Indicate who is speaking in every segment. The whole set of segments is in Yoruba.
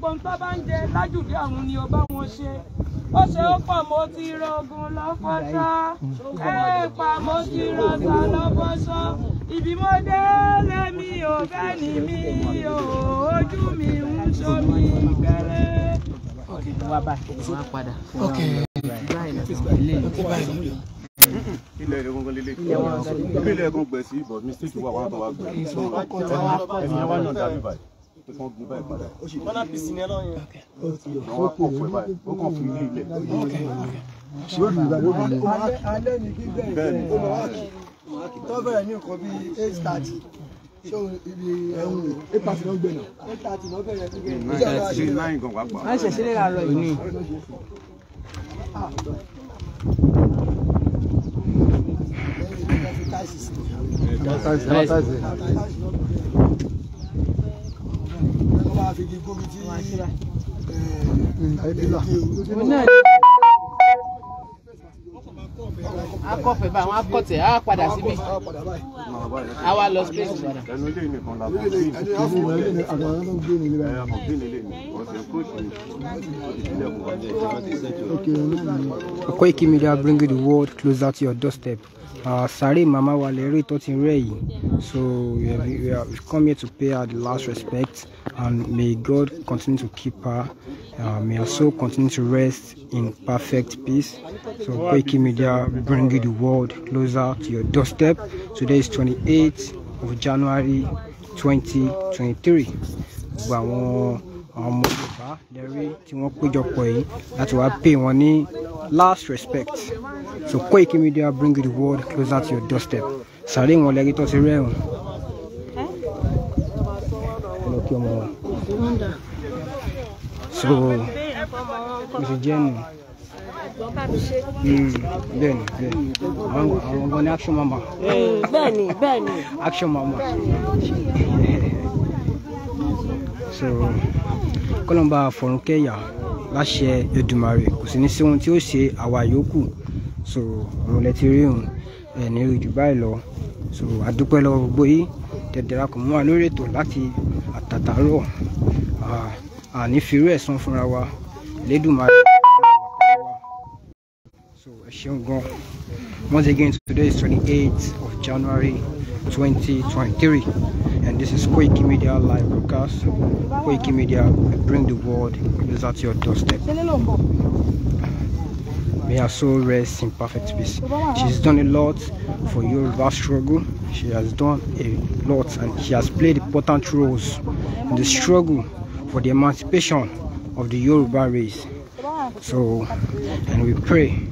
Speaker 1: gbọ́n bá ń jẹ lájùdé àwọn ni ọba wọn ṣe ó ṣe ó pọ̀ mo ti rogun lọ́fọ́ṣọ́ ẹ pa mo ti rọ̀gbà lọ́fọ́ṣọ́ ibi mo dé lèmi ò fẹ́ ní mi ò ojú mi ń ṣomi gbẹ́rẹ́. Ilé ẹ̀rọ Ilé ẹ̀rọ gbẹ̀sí but mistake wà wọ́n bá wa gbẹ̀. Ẹ̀yìn wa náà dábì báyìí pé kán gun báyìí padà. mọ́nà pìsì ni ẹ lọ yẹn. àwọn akọ̀ fún ẹ báyìí ó kàn fún ilé ilẹ̀. lórí ìgbà lórí ilẹ̀. alẹ́ ni kí bẹ́ẹ̀ ni ó máa wá kí tó bẹ̀rẹ̀ ní nǹkan bíi eight thirty so ibi ẹ̀hún eight thirty ló gbẹ̀nà. eight thirty ló bẹ̀rẹ̀ gbígbẹ̀. nine gan wàá gbà. wọ́n ṣẹ̀ṣẹ̀ lè ra lọ yìí ni. Gracias. Ah, àfi kí gómìnà tí ẹ̀ẹ́dẹ́gbẹ̀rún. akọ̀fẹ́ bá àwọn akọ̀tẹ̀ á padà síbi á lọ space padà. ẹnu ilé nìkan Media bring the world closer to your doorstep. Uh, ah, Sari Mama Waleri Totinreyi. So we, have, we, have, come here to pay her the last respect and may God continue to keep her. Uh, may her soul continue to rest in perfect peace. So Koiki Media bring view the world closer to your doorstep. Today is 28th of January 2023. Gbogbo àwọn ọmọ Yorùbá lẹ́rí tí wọ́n péjọpọ̀ yìí láti wá pè wọ́n ní last respect. So Koiki Media bring the world closer to your doorstep. Sàárè wọn lẹ́rí tó ti rẹ́rùn. Ẹ lọ kí ọmọ wọn. So, Mr. Jenny. Hmm, bẹ́ẹ̀ni bẹ́ẹ̀ni àwọn ọgbọn ní action mama. Hmm, bẹ́ẹ̀ni bẹ́ẹ̀ni. action mama. so kọlọmba Fọ̀rúnkẹ́yà láṣẹ Èdùmàrè kò sí ní sí ohun tí ó ṣe àwa yòókù so ọ̀rọ̀ lẹ ti rí òun ẹ̀ ní ojú báyìí lọ so àdúpẹ́ lọ́wọ́ gbogbo yìí dẹ̀dẹ̀ra kò mú wa lórí ètò láti àtàtàárọ̀ àní firú ẹ̀san fúnra wa lẹ́dùnmáà. Once again, today is 28th of January 2023, and this is Quake Media live broadcast. Quake Media, bring the world is at your doorstep. May her soul rest in perfect peace. She's done a lot for your vast struggle. She has done a lot and she has played important roles in the struggle for the emancipation of the Yoruba race. So, and we pray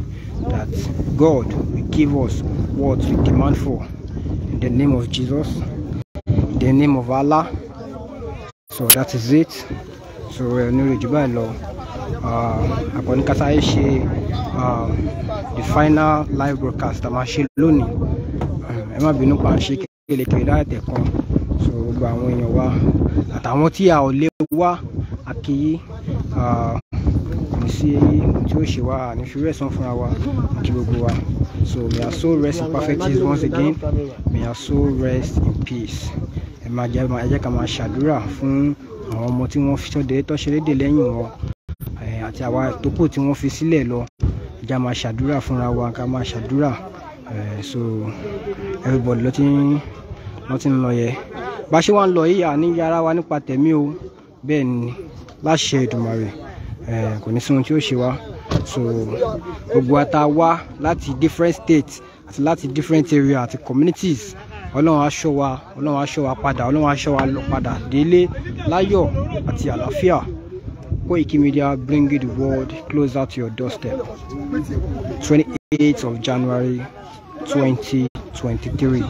Speaker 1: that God will give us what we demand for. In the name of Jesus, in the name of Allah. So that is it. So we are báyìí lọ, àkọ́nikátayé ṣe the final live broadcast I máa ṣe bínú So gbogbo àwọn èèyàn wa kò sí tí ó ṣe wá àní fi rẹ̀sán fúnra wa kí gbogbo wa so may our soul rest in perfect peace once again may our soul rest in peace ẹ máa jẹ ẹ jẹ́ ká máa ṣàdúrà fún àwọn ọmọ tí wọ́n fi sọdẹ tọṣẹlédè lẹ́yìn wọn àti àwa tó kù tí wọ́n fi sílẹ̀ lọ ìjà máa ṣàdúrà fúnra wa ká máa ṣàdúrà so everybody ló ti ń ló ti ń lọ yẹ bá ṣe wá ń lọ yìí àníyàrá wa nípa tẹ̀mí o bẹ́ẹ̀ ni láṣẹ Èdùmàrè. Eh, kò ní sí tí ó ṣe wá so gbogbo ata wá láti different states àti láti different area àti communities ọlọ́run aṣọ wa ọlọ́run aṣọ wa padà ọlọ́run aṣọ wa lọ padà délé láyọ̀ àti àlàáfíà Koiki Media bring the world closer to your doorstep 28th of January 2023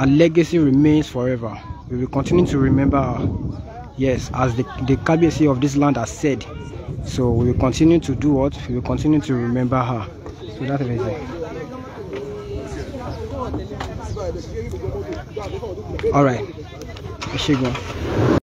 Speaker 1: Our legacy remains forever we will continue to remember her. Yes, as the, the KBC of this land has said. So we will continue to do what? We will continue to remember her. So that's everything. All right. Ẹ ṣé gan.